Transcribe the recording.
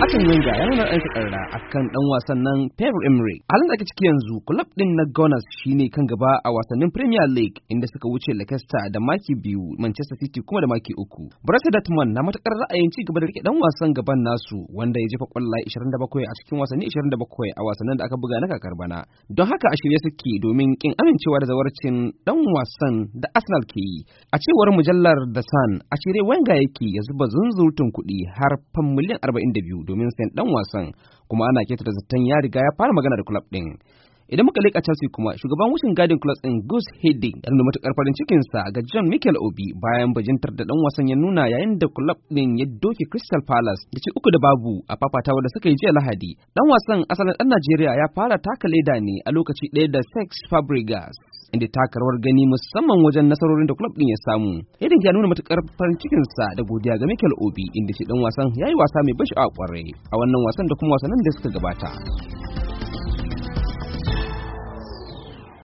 Akan Wenger ya nuna ɗansa ƙarra a kan ɗan wasan nan Pierre Emre. Halin da ake ciki yanzu, kulab ɗin na Gunners shine kan gaba a wasannin Premier League inda suka wuce Leicester da maki biyu, Manchester City kuma da maki uku. Borussia Dortmund na matakar ra'ayin ci gaba da rike dan wasan gaban nasu wanda ya jefa ƙwallaye 27 a cikin wasanni 27 a wasannin da aka buga na kakar bana. Don haka a shirye suke domin kin amincewa da zawarcin ɗan wasan da Arsenal ke yi. A cewar mujallar The Sun, a shirye Wenger yake ya zuba zunzurutun kuɗi har fan miliyan 42 domin sayan dan wasan kuma ana keta da zaton ya riga ya fara magana da club din. idan muka leka Chelsea kuma shugaban wucin gadin club din Gus Hiddink ya nuna matukar farin cikin sa ga John Michael Obi bayan bajintar da dan wasan ya nuna yayin da club din ya doke Crystal Palace da ci uku da babu a fafatawa da suka yi jiya Lahadi dan wasan asalin dan Najeriya ya fara taka leda ne a lokaci ɗaya da Sex Fabregas inda taka rawar gani musamman wajen nasarorin da club din ya samu. Hayden ya nuna matukar farin cikin sa da godiya ga Mikel Obi inda shi dan wasan yayi wasa mai bashi a kwarai a wannan wasan da kuma wasannin da suka gabata.